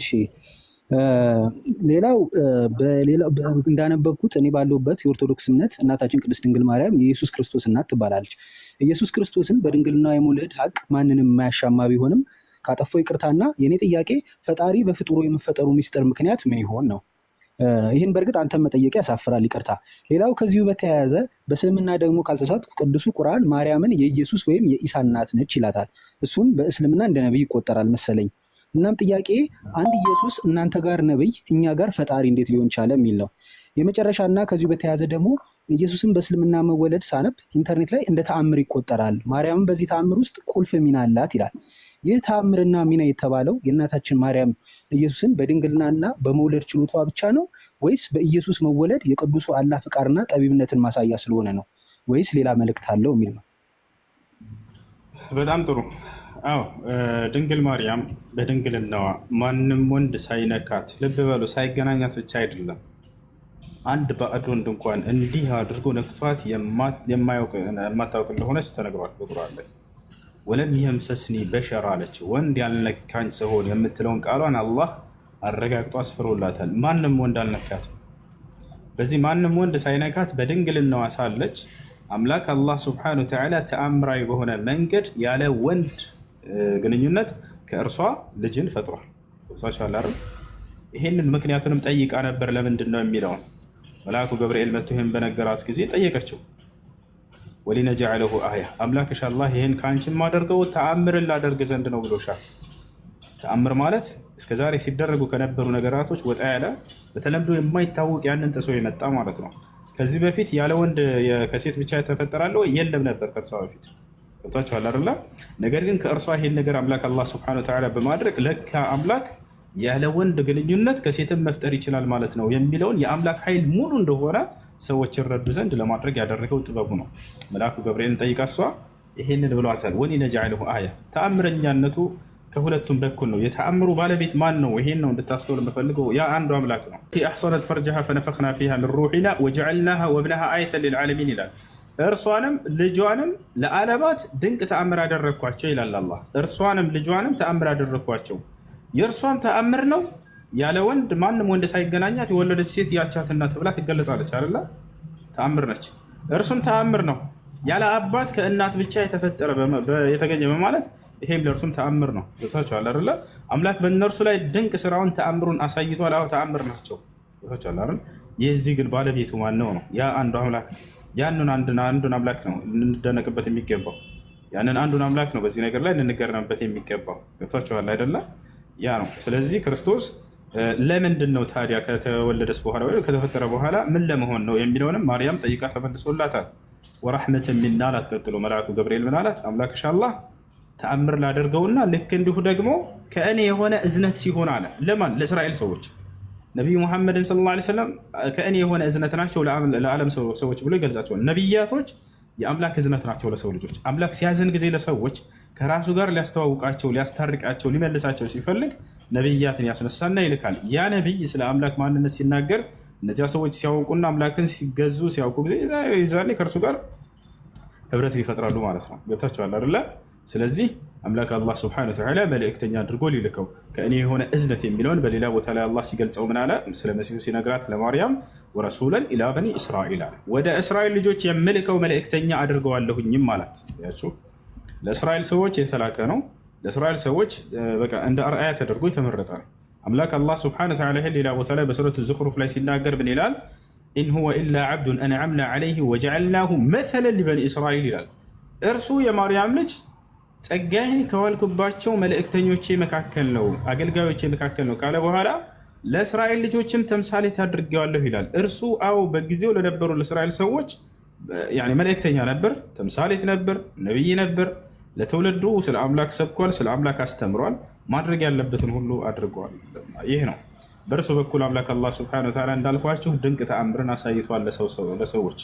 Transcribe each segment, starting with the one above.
እሺ ሌላው እንዳነበብኩት እኔ ባለሁበት የኦርቶዶክስ እምነት እናታችን ቅድስት ድንግል ማርያም የኢየሱስ ክርስቶስ እናት ትባላለች። ኢየሱስ ክርስቶስን በድንግልና የመውለድ ሀቅ ማንንም የማያሻማ ቢሆንም ካጠፋው ይቅርታና፣ የእኔ ጥያቄ ፈጣሪ በፍጡሩ የመፈጠሩ ሚስጥር ምክንያት ምን ይሆን ነው። ይህን በእርግጥ አንተን መጠየቅ ያሳፍራል፣ ይቅርታ። ሌላው ከዚሁ በተያያዘ በእስልምና ደግሞ ካልተሳትኩ ቅዱሱ ቁርአን ማርያምን የኢየሱስ ወይም የኢሳ እናት ነች ይላታል። እሱም በእስልምና እንደ ነቢይ ይቆጠራል መሰለኝ። እናም ጥያቄ አንድ ኢየሱስ እናንተ ጋር ነብይ፣ እኛ ጋር ፈጣሪ እንዴት ሊሆን ቻለ የሚል ነው። የመጨረሻና ከዚሁ በተያያዘ ደግሞ ኢየሱስን በእስልምና መወለድ ሳነብ ኢንተርኔት ላይ እንደ ተአምር ይቆጠራል፣ ማርያምን በዚህ ተአምር ውስጥ ቁልፍ ሚና አላት ይላል። ይህ ተአምርና ሚና የተባለው የእናታችን ማርያም ኢየሱስን በድንግልናና በመውለድ ችሎቷ ብቻ ነው ወይስ በኢየሱስ መወለድ የቅዱሱ አላህ ፍቃድና ጠቢብነትን ማሳያ ስለሆነ ነው ወይስ ሌላ መልእክት አለው የሚል ነው። በጣም ጥሩ አዎ ድንግል ማርያም በድንግልናዋ ማንም ወንድ ሳይነካት፣ ልብ በሉ ሳይገናኛት ብቻ አይደለም፣ አንድ ባዕድ ወንድ እንኳን እንዲህ አድርጎ ነክቷት የማታውቅ እንደሆነች ተነግሯል በቁርአን ላይ። ወለም የምሰስኒ በሸር አለች፣ ወንድ ያልነካኝ ስሆን የምትለውን ቃሏን አላህ አረጋግጦ አስፍሮላታል። ማንም ወንድ አልነካት በዚህ ማንም ወንድ ሳይነካት በድንግልናዋ ሳለች አምላክ አላህ ስብሐነሁ ወተዓላ ተአምራዊ በሆነ መንገድ ያለ ወንድ ግንኙነት ከእርሷ ልጅን ፈጥሯል። ሳቻላ ይሄንን ምክንያቱንም ጠይቃ ነበር ለምንድን ነው የሚለውን መልአኩ ገብርኤል መጥቶ ይህን በነገራት ጊዜ ጠየቀችው። ወሊነጃለሁ አያ አምላክሽ አላህ ይህን ከአንቺም አደርገው ተአምር ላደርግ ዘንድ ነው ብሎሻል። ተአምር ማለት እስከዛሬ ሲደረጉ ከነበሩ ነገራቶች ወጣ ያለ በተለምዶ የማይታወቅ ያንን ጥሶ የመጣ ማለት ነው። ከዚህ በፊት ያለ ወንድ ከሴት ብቻ ተፈጠራለ የለም ነበር ከእርሷ በፊት ገብቷቸዋል አይደለ? ነገር ግን ከእርሷ ይሄን ነገር አምላክ አላህ ስብሐነ ወተዓላ በማድረግ ለካ አምላክ ያለ ወንድ ግንኙነት ከሴትም መፍጠር ይችላል ማለት ነው የሚለውን የአምላክ ኃይል ሙሉ እንደሆነ ሰዎች ይረዱ ዘንድ ለማድረግ ያደረገው ጥበቡ ነው። መልአኩ ገብርኤልን ጠይቃ እሷ ይሄንን ብሏታል። ወኒ ነጃዕልሁ አያ ተአምረኛነቱ ከሁለቱም በኩል ነው። የተአምሩ ባለቤት ማን ነው? ይሄን ነው እንድታስተውል የምፈልገው። ያ አንዱ አምላክ ነው። አሕሰነት ፈርጀሃ ፈነፈኽና ፊሃ ምን ሩሒና ወጀዐልናሃ ወብነሃ አየተን ልልዓለሚን ይላል እርሷንም ልጇንም ለዓለማት ድንቅ ተአምር አደረግኳቸው ይላል አላህ። እርሷንም ልጇንም ተአምር አደረግኳቸው። የእርሷም ተአምር ነው ያለ ወንድ ማንም ወንድ ሳይገናኛት የወለደች ሴት ያቻትና ተብላ ትገለጻለች አለ ተአምር ነች። እርሱም ተአምር ነው ያለ አባት ከእናት ብቻ የተፈጠረ የተገኘ በማለት ይሄም ለእርሱም ተአምር ነው። ታቸዋል አለ አምላክ በእነርሱ ላይ ድንቅ ስራውን ተአምሩን አሳይቷል። አዎ ተአምር ናቸው። ታቸዋል አይደል? የዚህ ግን ባለቤቱ ማነው ነው? ያ አንዱ አምላክ ነው። ያንን አንዱን አምላክ ነው ልንደነቅበት የሚገባው። ያንን አንዱን አምላክ ነው በዚህ ነገር ላይ ልንገረምበት የሚገባው። ገብቷችኋል አይደለም? ያ ነው። ስለዚህ ክርስቶስ ለምንድን ነው ታዲያ ከተወለደስ በኋላ ወይ ከተፈጠረ በኋላ ምን ለመሆን ነው የሚለውንም ማርያም ጠይቃ ተመልሶላታል። ወራህመት የሚና አላት። ቀጥሎ መልአኩ ገብርኤል ምን አላት? አምላክ ሻላ ተአምር ላደርገውና ልክ እንዲሁ ደግሞ ከእኔ የሆነ እዝነት ሲሆን አለ ለማን ለእስራኤል ሰዎች ነቢዩ ሙሐመድን ሰለላሁ ዓለይሂ ወሰለም ከእኔ የሆነ እዝነት ናቸው ለዓለም ሰዎች ብሎ ይገልጻቸዋል። ነቢያቶች የአምላክ እዝነት ናቸው ለሰው ልጆች። አምላክ ሲያዝን ጊዜ ለሰዎች ከራሱ ጋር ሊያስተዋውቃቸው፣ ሊያስታርቃቸው፣ ሊመልሳቸው ሲፈልግ ነቢያትን ያስነሳና ይልካል። ያ ነቢይ ስለ አምላክ ማንነት ሲናገር እነዚያ ሰዎች ሲያውቁና አምላክን ሲገዙ ሲያውቁ ጊዜ ዛኔ ከእርሱ ጋር ህብረትን ይፈጥራሉ ማለት ነው። ገብታችኋል አይደለ? ስለዚህ አምላክ አላህ ስብሐነ ወተዓላ መልእክተኛ አድርጎ ሊልከው ከእኔ የሆነ እዝነት የሚለውን በሌላ ቦታ ላይ አላህ ሲገልጸው ምን አለ? ስለ መሲሁ ሲነግራት ለማርያም ወረሱለን ኢላ በኒ እስራኤል አለ። ወደ እስራኤል ልጆች የምልከው መልእክተኛ አድርገዋለሁኝም አላት። ያቸው ለእስራኤል ሰዎች የተላከ ነው። ለእስራኤል ሰዎች በቃ እንደ አርአያ ተደርጎ የተመረጠ ነው። አምላክ አላህ ስብሐነ ወተዓላ ይህን ሌላ ቦታ ላይ በሱረቱ ዙኽሩፍ ላይ ሲናገር ምን ይላል? ኢን ሁወ ኢላ ዓብዱን አንዓምና ዓለይህ ወጀዐልናሁ መሰለን ሊበኒ እስራኤል ይላል። እርሱ የማርያም ልጅ ጸጋይህን ከዋልኩባቸው መልእክተኞቼ መካከል ነው አገልጋዮቼ መካከል ነው ካለ በኋላ ለእስራኤል ልጆችም ተምሳሌት አድርጌዋለሁ ይላል። እርሱ አዎ በጊዜው ለነበሩ ለእስራኤል ሰዎች መልእክተኛ ነበር፣ ተምሳሌት ነበር፣ ነቢይ ነበር። ለትውልዱ ስለ አምላክ ሰብኳል፣ ስለ አምላክ አስተምሯል። ማድረግ ያለበትን ሁሉ አድርገዋል። ይህ ነው በእርሱ በኩል አምላክ አላህ ሱብሓነሁ ወተዓላ እንዳልኳችሁ ድንቅ ተአምርን አሳይቷል። ለሰዎች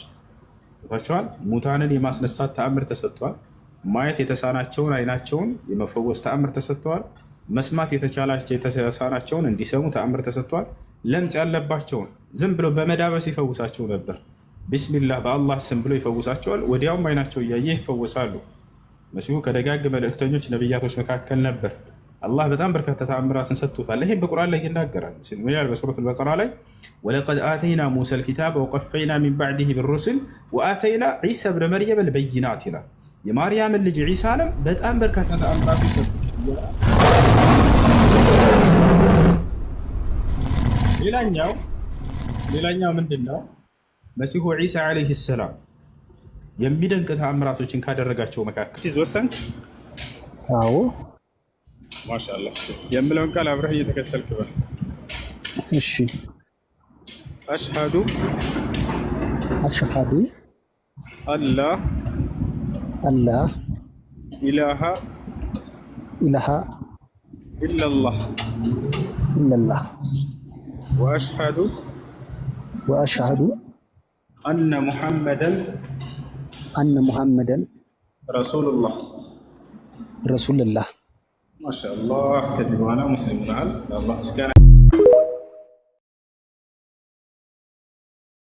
ታቸዋል። ሙታንን የማስነሳት ተአምር ተሰጥቷል። ማየት የተሳናቸውን አይናቸውን የመፈወስ ተአምር ተሰጥተዋል። መስማት የተቻላቸው የተሳናቸውን እንዲሰሙ ተአምር ተሰጥተዋል። ለምጽ ያለባቸውን ዝም ብሎ በመዳበስ ይፈውሳቸው ነበር። ቢስሚላህ በአላህ ስም ብሎ ይፈውሳቸዋል። ወዲያውም አይናቸው እያየ ይፈወሳሉ። መሲሁ ከደጋግ መልእክተኞች ነቢያቶች መካከል ነበር። አላህ በጣም በርካታ ተአምራትን ሰጥቶታል። ይህም በቁርአን ላይ ይናገራል። በሱረት በቀራ ላይ ወለቀድ አተይና ሙሰ ልኪታብ ወቀፈይና ሚን ባዕድህ ብሩስል ወአተይና ዒሳ ብነ መርየም ልበይናት ይላል የማርያምን ልጅ ዒሳንም በጣም በርካታ ተአምራት ይሰጡ። ሌላኛው ሌላኛው ምንድን ነው? መሲሁ ዒሳ ዓለይህ ሰላም የሚደንቅ ተአምራቶችን ካደረጋቸው መካከል ወሰንክ? አዎ ማሻላ የምለውን ቃል አብረህ እየተከተልክ በል። እሺ አሽሃዱ አሽሃዱ አላ الله إله إله إلا الله إلا الله وأشهد وأشهد أن محمدا أن محمدا رسول الله رسول الله ما شاء الله كتب أنا مسلم الله إسكان